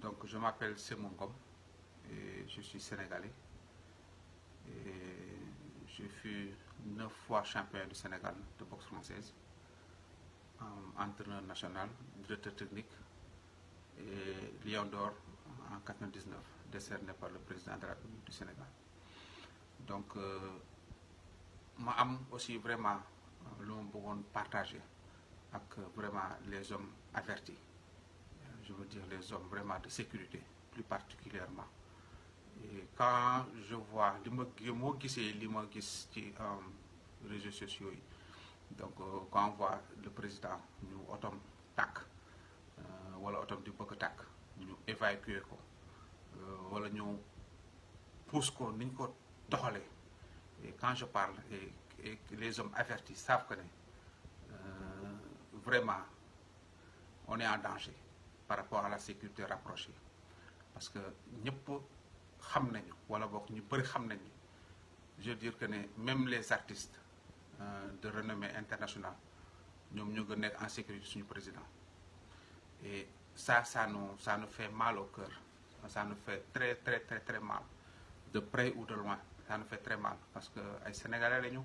donc je m'appelle Simon Gom, et je suis sénégalais je fus neuf fois champion du Sénégal de boxe française entraîneur national directeur technique et Lion d'or en 99 décerné par le président de la République du Sénégal donc euh, ma aussi vraiment. Nous ma partager avec vraiment les hommes avertis je veux dire les hommes vraiment de sécurité plus particulièrement et quand je vois qui ma qui sont li ma sur les euh, réseaux sociaux donc euh, quand on voit le président ñu otom euh, wala otom di bëgg tac ñu évacuer ko euh, wala ñu pousse ko niñ et quand je parle et que les hommes avertis savent que euh, vraiment on est en danger par rapport à la sécurité rapprochée parce que nous savons wala je veux dire que même les artistes euh, de renommée internationale nous sommes en sécurité le président et ça ça nous ça nous fait mal au cœur ça nous fait très très très très mal de près ou de loin ça nous fait très mal parce que les sénégalais nous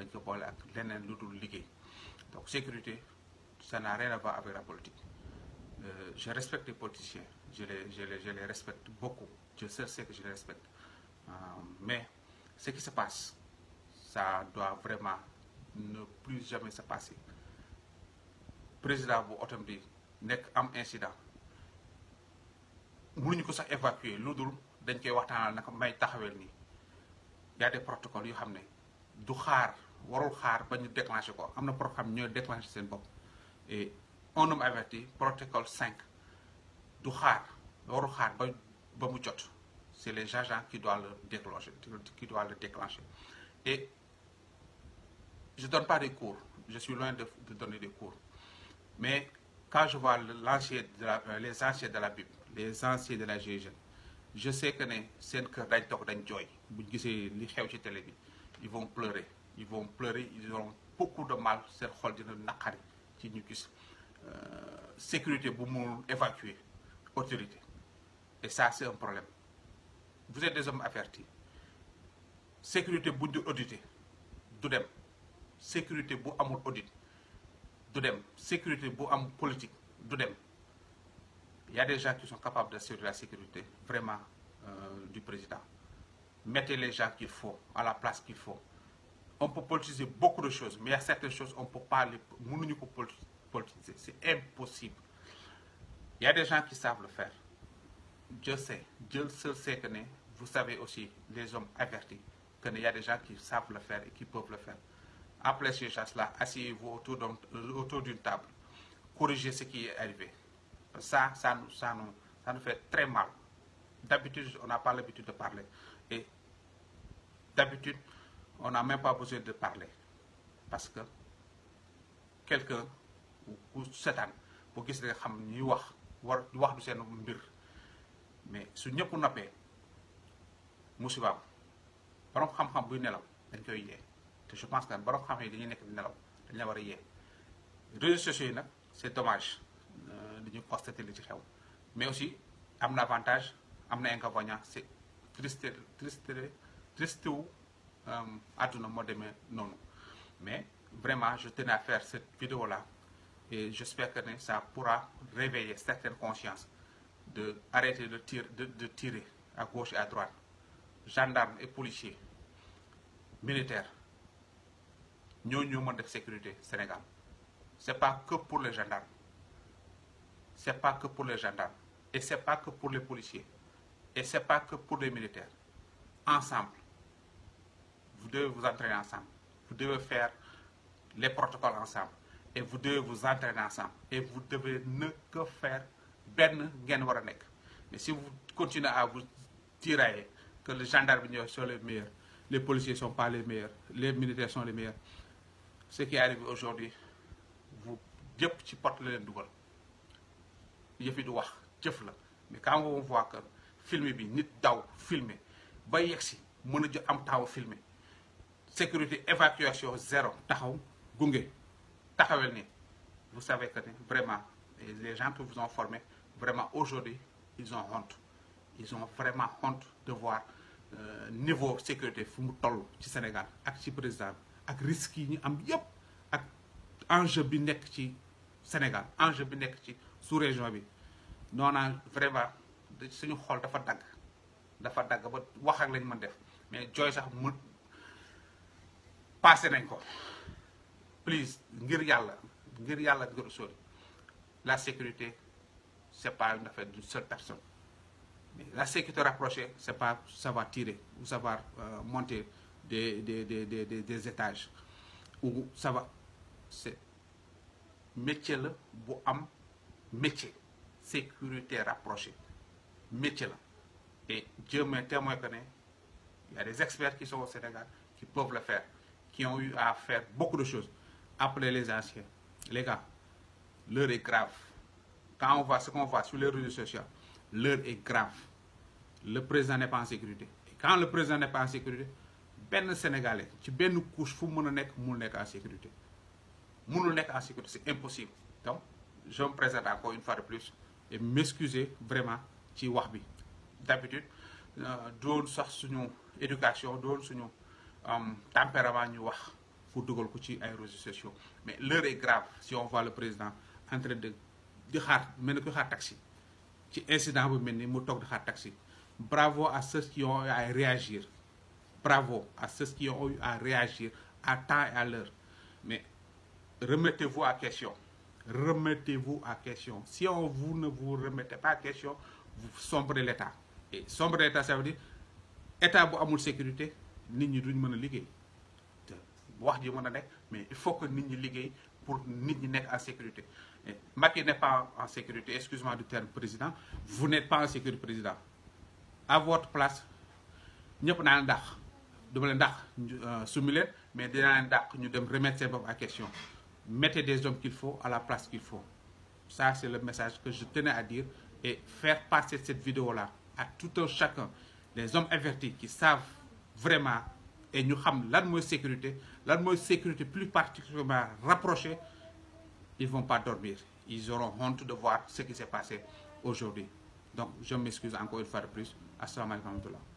dañ ko boole ak leneen donc sécurité ça n'a rien à voir avec la politique euh, je respecte les politiciens je les je les respecte beaucoup je sais que je les respecte euh, mais ce qui se passe ça doit vraiment ne plus jamais se passer président vous il y a am incident mënuñu ko sax évacuer lu dul dañ koy waxtaanal naka may taxawel y a des protocoles yoo xam du xaar warul xaar ba ñu déclenché ko am na programme ñooy déclenché seen bopp et on homme averti protocole 5 du xaar warul xaar ba ba mu jot c'est les agents qui doivent le déclencher qui doivent le déclencher et je donne pas des cours je suis loin de, de donner des cours mais quand je vois l'ancien de la, euh, les anciens de la Bible les anciens de la GIGN je sais que ne seen cœur dañ toog dañ jooy buñ gisee li xew ci télé bi ils vont pleurer ils vont pleurer, ils auront beaucoup de mal c'est le de naqari ci euh, sécurité pour évacuer autorité et ça c'est un problème vous êtes des hommes avertis sécurité pour ñu audité du sécurité pour amour, audit du sécurité pour politique doudem. il y a des gens qui sont capables d'assurer la sécurité vraiment euh, du président mettez les gens qu'il faut à la place qu'il faut on peut politiser beaucoup de choses, mais il y a certaines choses, on ne peut pas les politiser. C'est impossible. Il y a des gens qui savent le faire. Dieu sait, Dieu seul sait que vous savez aussi, les hommes avertis, qu'il y a des gens qui savent le faire et qui peuvent le faire. Appelez ces gens-là, asseyez-vous euh, autour d'une table, corrigez ce qui est arrivé. Ça, ça nous, ça nous, ça nous fait très mal. D'habitude, on n'a pas l'habitude de parler. Et d'habitude, on n'a même pas besoin de parler. Parce que quelqu'un ou Satan, pour qu'il sache mais si nous avons je pense que nous sommes nous c'est dommage euh, constater mais aussi am a avantage inconvénient c'est triste triste triste euh, de non. mais vraiment je tenais à faire cette vidéo là et j'espère que ça pourra réveiller certaines consciences de arrêter de tirer de, tirer à gauche et à droite gendarmes et policiers militaires Nous ñoo de sécurité Sénégal c'est pas que pour les gendarmes c'est pas que pour les gendarmes et c'est pas que pour les policiers et c'est pas que pour les militaires ensemble vous devez vous entraîner ensemble. Vous devez faire les protocoles ensemble. Et vous devez vous entraîner ensemble. Et vous devez ne que faire ben Mais si vous continuez à vous dire que les gendarmes sont les meilleurs, les policiers ne sont pas les meilleurs, les militaires sont les meilleurs, ce qui arrive aujourd'hui, vous portez le double. fait le wax, Mais quand vous voyez que filmé, nit daw filmer, sécurité évacuation zéro taxaw gungé taxawel ni vous savez que vraiment les gens que vous ont formé vraiment aujourd'hui ils ont honte ils ont vraiment honte de voir euh, niveau sécurité fu mu toll ci Sénégal ak ci président ak risques yi am yépp ak enjeu bi ci Sénégal enjeu bi nek ci sous-région bi noona vraiment suñu xol dafa dag dafa dag ba wax ak lañ mën def mais joy sax passé nañ ko please ngir ngir la sécurité c'est pas une affaire d'une seule personne la sécurité rapprochée c'est pas va tirer ou savoir va euh, monter des des, des, des des étages ou va... c'est métier le bu métier sécurité rapprochée métier et Dieu me témoigne il y a des experts qui sont au Sénégal qui peuvent le faire qui ont eu à faire beaucoup de choses. Appelez les anciens. Les gars, l'heure est grave. Quand on voit ce qu'on voit sur les réseaux sociaux, l'heure est grave. Le président n'est pas en sécurité. Et quand le président n'est pas en sécurité, ben sénégalais ci nous couche fou a en sécurité mon nek en sécurité c'est impossible donc je me présente encore une fois de plus et m'excuser vraiment ci d'habitude euh, nous sax suñu éducation tempérament pour Dougal ko ci mais l'heure est grave si on voit le président en train de di un taxi incident bu mu taxi bravo à ceux qui ont eu à réagir bravo à ceux qui ont eu à réagir à temps et à l'heure mais remettez-vous à question remettez-vous à question si on vous ne vous remettez pas à question vous sombrez l'État et sombrez l'État ça veut dire État bu amul sécurité nit ñi duñ pas liggéey wax ji mais il faut que nous ñi liggéey pour nit ñi soyons en sécurité Macky n'est pas en sécurité excuse-moi du terme président vous n'êtes pas en sécurité président à votre place ñëpp naa leen duma leen ndax euh, sumi mais dina un ndax ñu dem remettre ces hommes à question mettez des hommes qu'il faut à la place qu'il faut ça c'est le message que je tenais à dire et faire passer cette vidéo là à tout un chacun des hommes avertis qui savent vraiment et nous xam la de sécurité la sécurité plus particulièrement rapprochée ils ne vont pas dormir ils auront honte de voir ce qui s'est passé aujourd'hui donc je m'excuse encore une fois de plus alaikum wa